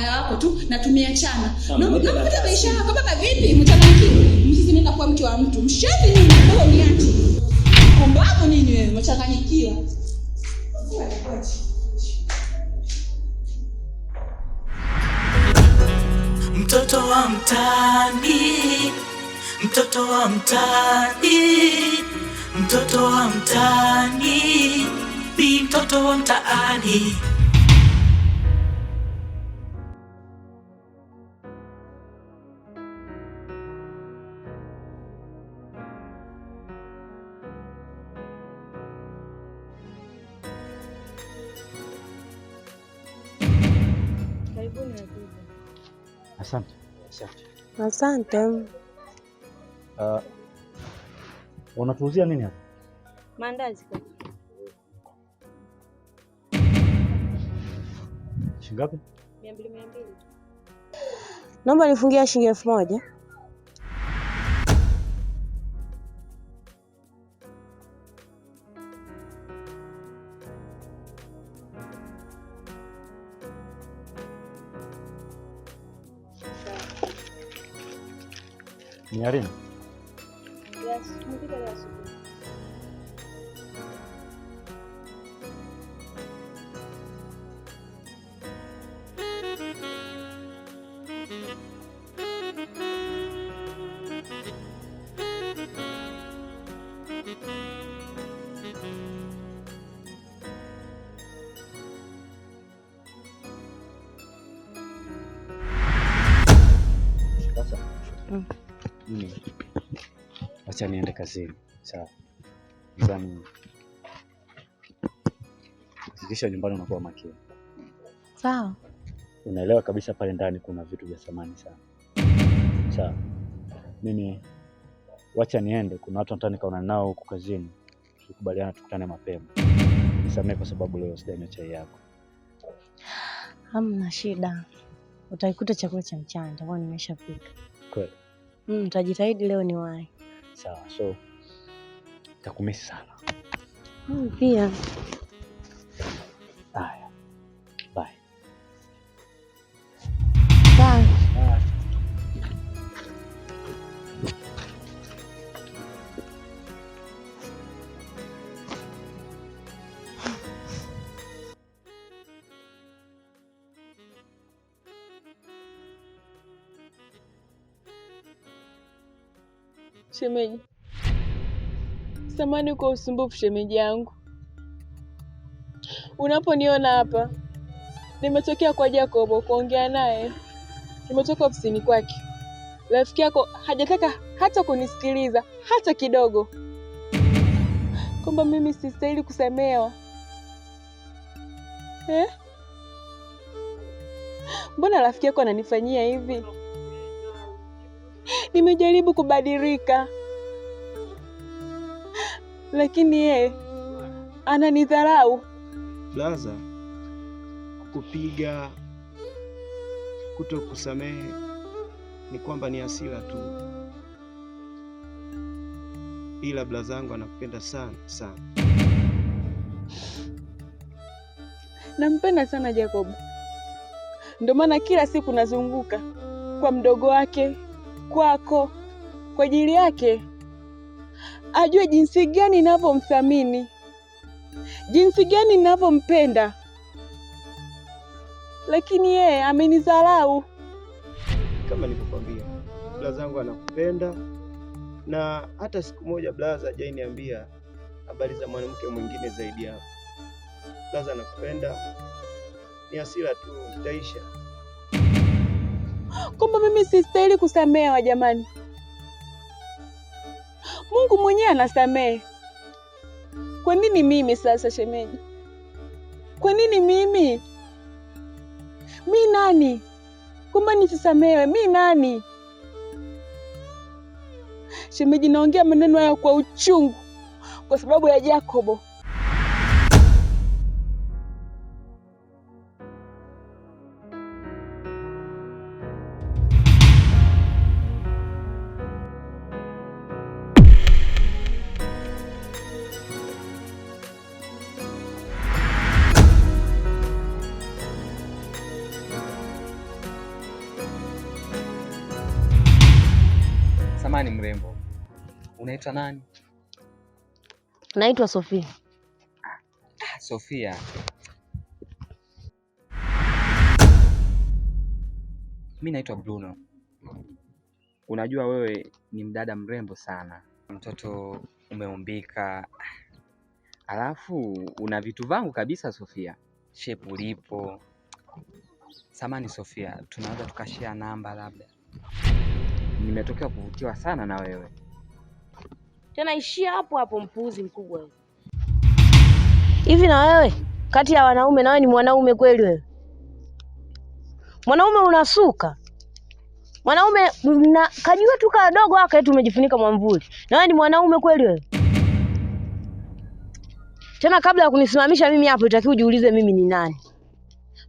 haya wako tu na tumeachana. Namkuta maisha yako baba, vipi mchangamki, nenda nakuwa mke wa mtu mshazi nini? Wewe niache kumbavu nini wewe, mchanganyikiwa mtoto wa mtani mtoto wa mtani mtoto wa mtaani, mtoto wa mtaani. Asante. Uh, wanatuuzia nini hapa? Maandazi. Shingapi? Mia mbili, mia mbili. Naomba nifungia shilingi elfu moja. engineering. acha niende kazini. Sawa. Zamu. Kisha nyumbani unakuwa makini. Sawa. Unaelewa kabisa pale ndani kuna vitu vya thamani sana. Sawa. Mimi wacha niende, kuna watu nataka nikaona nao huko kazini. Tukubaliana tukutane mapema. Nisamehe kwa sababu leo sijanywa chai yako. Hamna shida. Utaikuta chakula cha mchana nitakuwa nimeshapika. Kweli. Mm, mtajitahidi leo ni wahi sawa, so takumisi sana pia. Shemeji, samani kwa usumbufu shemeji yangu. Unaponiona hapa, nimetokea kwa Jacobo kuongea naye. Nimetoka ofisini kwake. Rafiki yako hajataka hata kunisikiliza hata kidogo, kwamba mimi sistahili kusamehewa eh? Mbona rafiki yako ananifanyia hivi? Nimejaribu kubadilika, lakini yeye ananidharau. Blaza, kukupiga, kusamehe ni kwamba ni hasira tu, ila blazangu anakupenda sana sana. Nampenda sana Jacob, ndio maana kila siku nazunguka kwa mdogo wake kwako kwa ajili yake, ajue jinsi gani ninavyomthamini, jinsi gani ninavyompenda, lakini yeye amenidharau. Kama nilivyokuambia, blaza zangu anakupenda, na hata siku moja blaza hajainiambia habari za mwanamke mwingine zaidi yako. Blaza anakupenda, ni hasira tu, itaisha kwamba mimi sistahili kusamehewa. Jamani, Mungu mwenyewe anasamehe. Kwa nini mimi sasa, shemeji? Kwa nini mimi? Mi nani kwamba nisisamehewe? Mi nani? Shemeji, naongea maneno haya kwa uchungu kwa sababu ya Jakobo. unaitwa nani? Naitwa Sofia. Ah, Sofia. Mimi naitwa Bruno. Unajua wewe ni mdada mrembo sana, mtoto umeumbika, alafu una vitu vangu kabisa Sofia, shepu ulipo Samani Sofia, tunaweza tukashea namba labda? Nimetokea kuvutiwa sana na wewe tena ishia hapo hapo, mpuuzi mkubwa hivi. Na wewe kati ya wanaume, na wewe ni mwanaume kweli? Wewe mwanaume unasuka mwanaume na kajua tu kadogo aka yetu umejifunika mwamvuli, na wewe ni mwanaume kweli? Wewe tena, kabla ya kunisimamisha mimi hapo, itakiwa ujiulize mimi ni nani.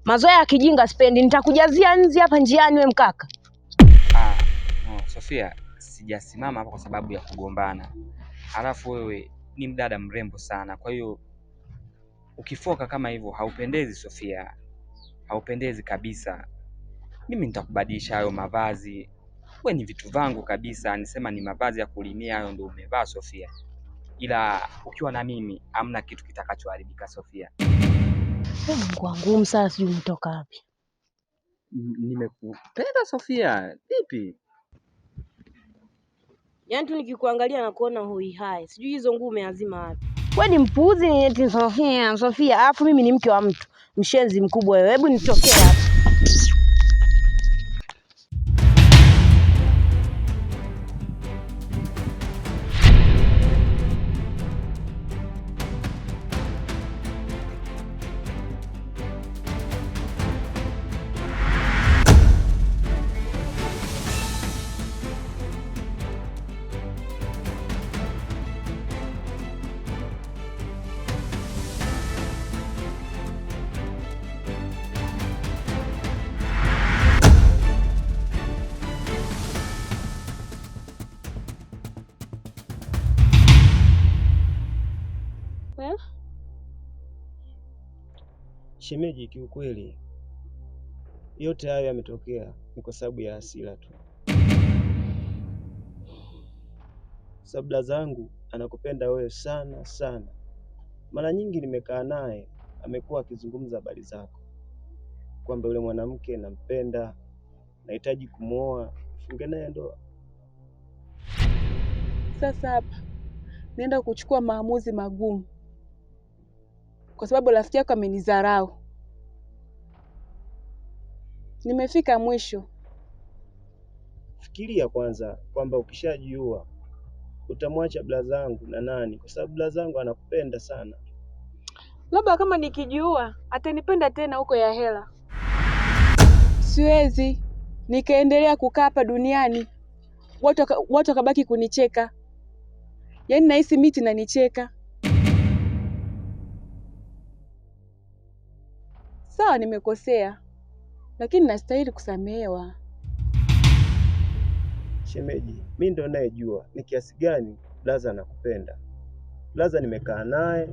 Mazoea ya kijinga spendi, nitakujazia nzi hapa njiani, we mkaka. Ah, no, Sofia sijasimama hapa kwa sababu ya kugombana, alafu wewe ni mdada mrembo sana, kwa hiyo ukifoka kama hivyo haupendezi Sofia, haupendezi kabisa. Mimi nitakubadilisha hayo mavazi, we ni vitu vangu kabisa. Nisema ni mavazi ya kulimia hayo, ndio umevaa Sofia, ila ukiwa na mimi hamna kitu kitakachoharibika Sofia. Mungu wangu, sasa sijui umetoka wapi? Nimekupenda Sofia, vipi? Yaani tu nikikuangalia na kuona hoi hai. Sijui hizo nguo umeazima wapi. Wewe ni mpuuzi ni eti Sofia, Sofia, alafu mimi ni mke wa mtu. Mshenzi mkubwa wewe. Hebu nitokee hapa. Shemeji, kiukweli yote hayo yametokea ni kwa sababu ya hasira tu. Sabda zangu anakupenda wewe sana sana. Mara nyingi nimekaa naye, amekuwa akizungumza habari zako kwamba yule mwanamke nampenda, nahitaji kumwoa, funge naye ndoa. Sasa hapa naenda kuchukua maamuzi magumu, kwa sababu rafiki yako amenidharau nimefika mwisho. Fikiria kwanza kwamba ukishajua utamwacha zangu na nani, kwa sababu zangu anakupenda sana. Labda kama nikijua atanipenda tena huko ya hela. Siwezi nikaendelea kukaa hapa duniani, watu watu wakabaki kunicheka, yaani nahisi miti nanicheka. Sawa, nimekosea lakini nastahili kusamehewa. Shemeji, mi ndo nayejua ni kiasi gani Laza anakupenda. Laza nimekaa naye,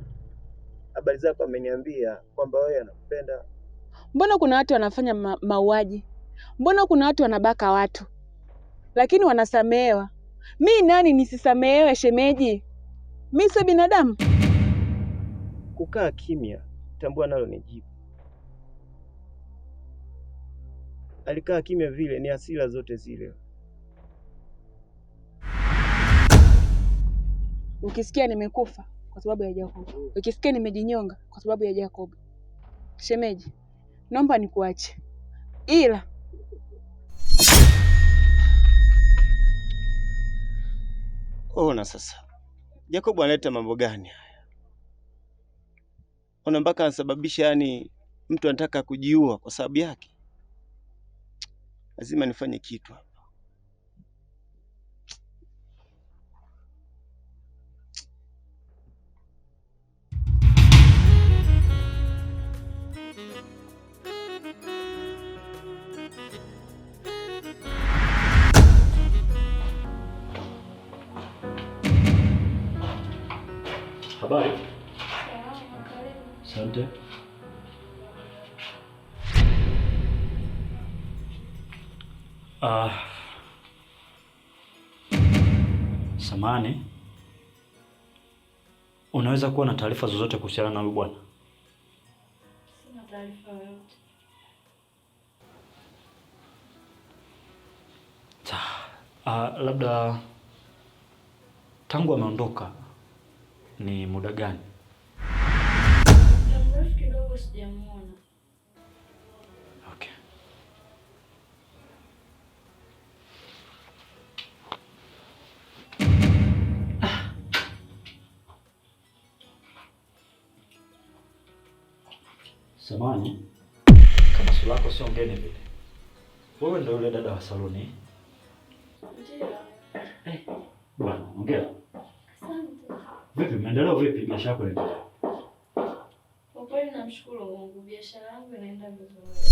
habari zako, ameniambia kwamba wewe anakupenda. Mbona kuna watu wanafanya ma mauaji? Mbona kuna watu wanabaka watu lakini wanasamehewa? Mi nani nisisamehewe? Shemeji, mi si binadamu? Kukaa kimya, tambua nalo ni jibu. alikaa kimya vile, ni hasira zote zile. Ukisikia nimekufa kwa sababu ya Jacob, ukisikia nimejinyonga kwa sababu ya Jacob, shemeji, naomba nikuache, ila ona sasa Jacob analeta mambo gani haya? Ona mpaka anasababisha, yani mtu anataka kujiua kwa sababu yake lazima nifanye kitu hapa. Habari. Asante. Uh, samani, unaweza kuwa na taarifa zozote kuhusiana na huyu bwana? Sina taarifa yoyote. Uh, labda tangu ameondoka ni muda gani? mrefu kidogo sijamuona. Samani, kama sura yako sio ngeni vile. Wewe ndio yule dada wa saluni? Eh? Ndio. Eh, bwana, ongea. Asante. Vipi, maendeleo vipi maisha yako? Kwa kweli namshukuru Mungu, biashara yangu inaenda vizuri.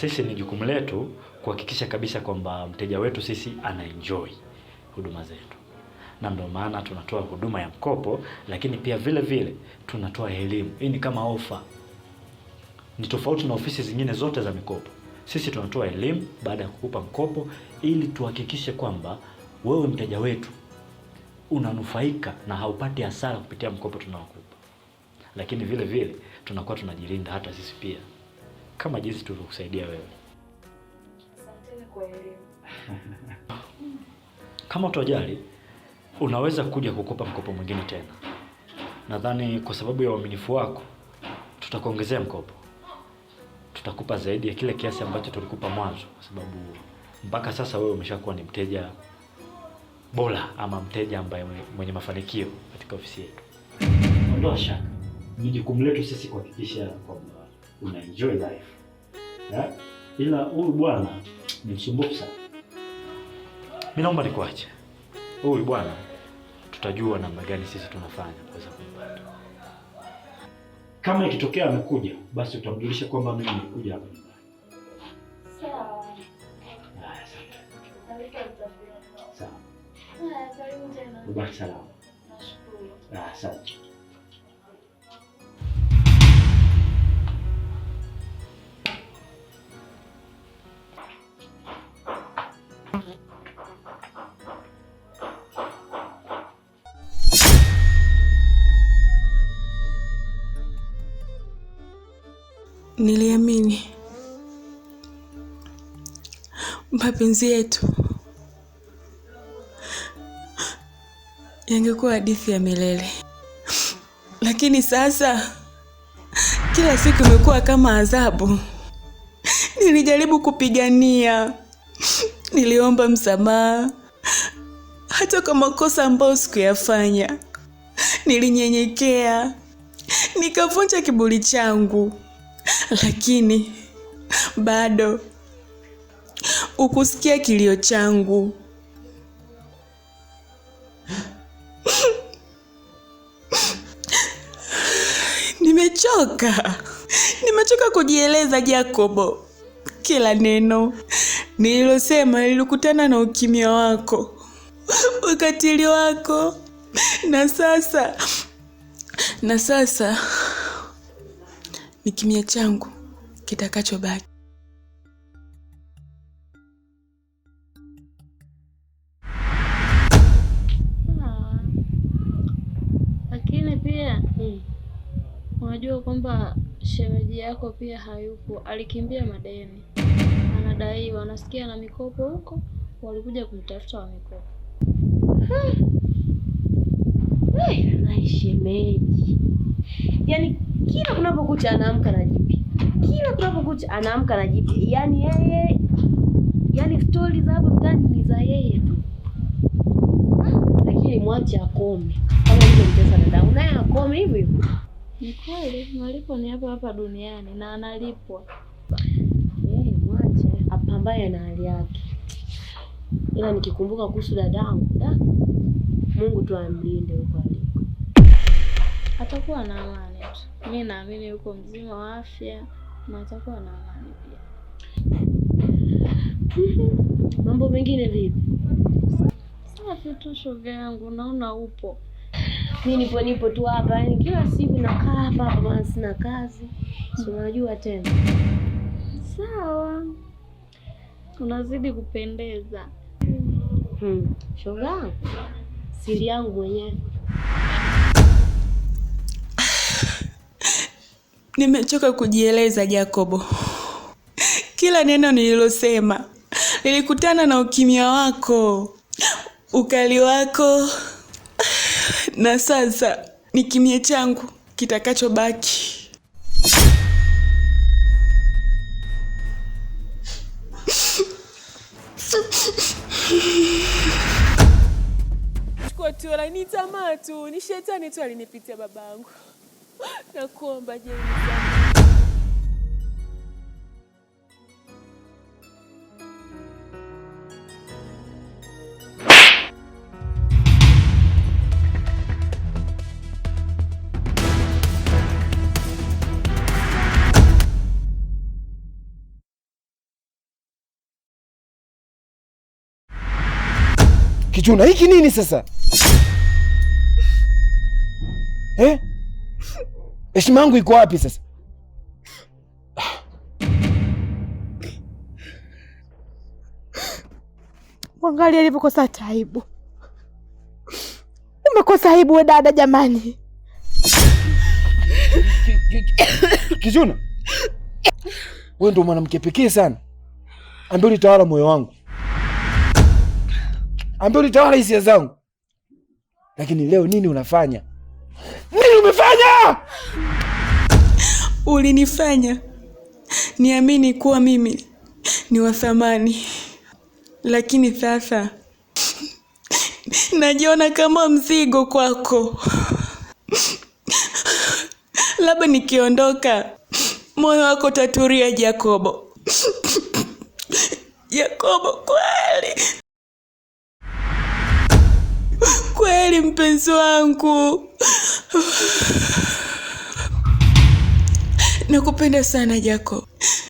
sisi ni jukumu letu kuhakikisha kabisa kwamba mteja wetu sisi ana enjoy huduma zetu, na ndio maana tunatoa huduma ya mkopo, lakini pia vile vile tunatoa elimu. Hii ni kama ofa, ni tofauti na ofisi zingine zote za mikopo. Sisi tunatoa elimu baada ya kukupa mkopo, ili tuhakikishe kwamba wewe mteja wetu unanufaika na haupati hasara kupitia mkopo tunaokupa, lakini vile vile tunakuwa tunajilinda hata sisi pia kama jinsi tulivyokusaidia wewe. Kama utojali unaweza kuja kukopa mkopo mwingine tena. Nadhani kwa sababu ya uaminifu wako tutakuongezea mkopo, tutakupa zaidi ya kile kiasi ambacho tulikupa mwanzo, kwa sababu mpaka sasa wewe umeshakuwa ni mteja bora ama mteja ambaye mwenye mafanikio katika ofisi yetu. Ondoa shaka, ni jukumu letu sisi kuhakikisha kwamba una enjoy life yeah? Ila huyu bwana ni msumbufu sana. Mimi naomba nikuache. Huyu bwana tutajua namna gani sisi tunafanya kuweza kumpata. Kama ikitokea amekuja, basi utamjulisha kwamba mimi nimekuja hapa nyumbani. Sawa. Sawa. Sawa. Salama. Asante. niliamini mapenzi yetu yangekuwa hadithi ya milele, lakini sasa kila siku imekuwa kama adhabu. Nilijaribu kupigania, niliomba msamaha hata kwa makosa ambayo sikuyafanya, nilinyenyekea, nikavunja kiburi changu. lakini bado ukusikia kilio changu. Nimechoka, nimechoka kujieleza Jakobo. Kila neno nililosema lilikutana na ukimya wako, ukatili wako, na sasa na sasa ni kimya changu kitakachobaki. Hmm. pia hmm, unajua kwamba shemeji yako pia hayupo, alikimbia madeni, anadaiwa, anasikia na mikopo huko, walikuja kumtafuta wa mikopo. Hmm. Shemeji yaani kila kunapokucha anaamka na jipi, kila kunapokucha anaamka na jipi. Yani yeye, yani stori za hapo mtaani ni za yeye tu, lakini mwache akome kama ile Mtesa dadangu naye akome hivyo hivyo. Ni kweli malipo ni hapa hapa duniani na analipwa yeye, eh, mwache apambane na hali yake. Ila nikikumbuka kuhusu dadangu da, Mungu tu amlinde huko alipo atakuwa na amani tu. Mimi naamini yuko mzima wa afya na atakuwa na amani pia. Mambo mengine vipi? Safi tu shoga yangu, naona upo. Mimi nipo nipo tu hapa, yani kila siku nakaa hapa hapa, maana sina kazi, si unajua tena. Sawa, unazidi kupendeza. Hmm. Shoga, siri yangu mwenyewe Nimechoka kujieleza Jacobo. Kila neno nililosema nilikutana na ukimya wako, ukali wako, na sasa ni kimya changu kitakachobaki. tu, tu, ni shetani tu alinipitia babangu. Nakuomba Kichuna hiki nini sasa eh? Heshima yangu iko wapi sasa? Mwangali alivyokosa taibu. Umekosa aibu we dada, jamani. Kijuna, wewe ndio mwanamke pekee sana ambaye ulitawala moyo wangu, ambaye ulitawala hisia zangu, lakini leo nini unafanya? umefanya? Ulinifanya niamini kuwa mimi ni wa thamani, lakini sasa najiona kama mzigo kwako. Labda nikiondoka moyo wako utaturia, Jakobo. Jakobo, kweli kweli, mpenzi wangu. Nakupenda sana Jacob,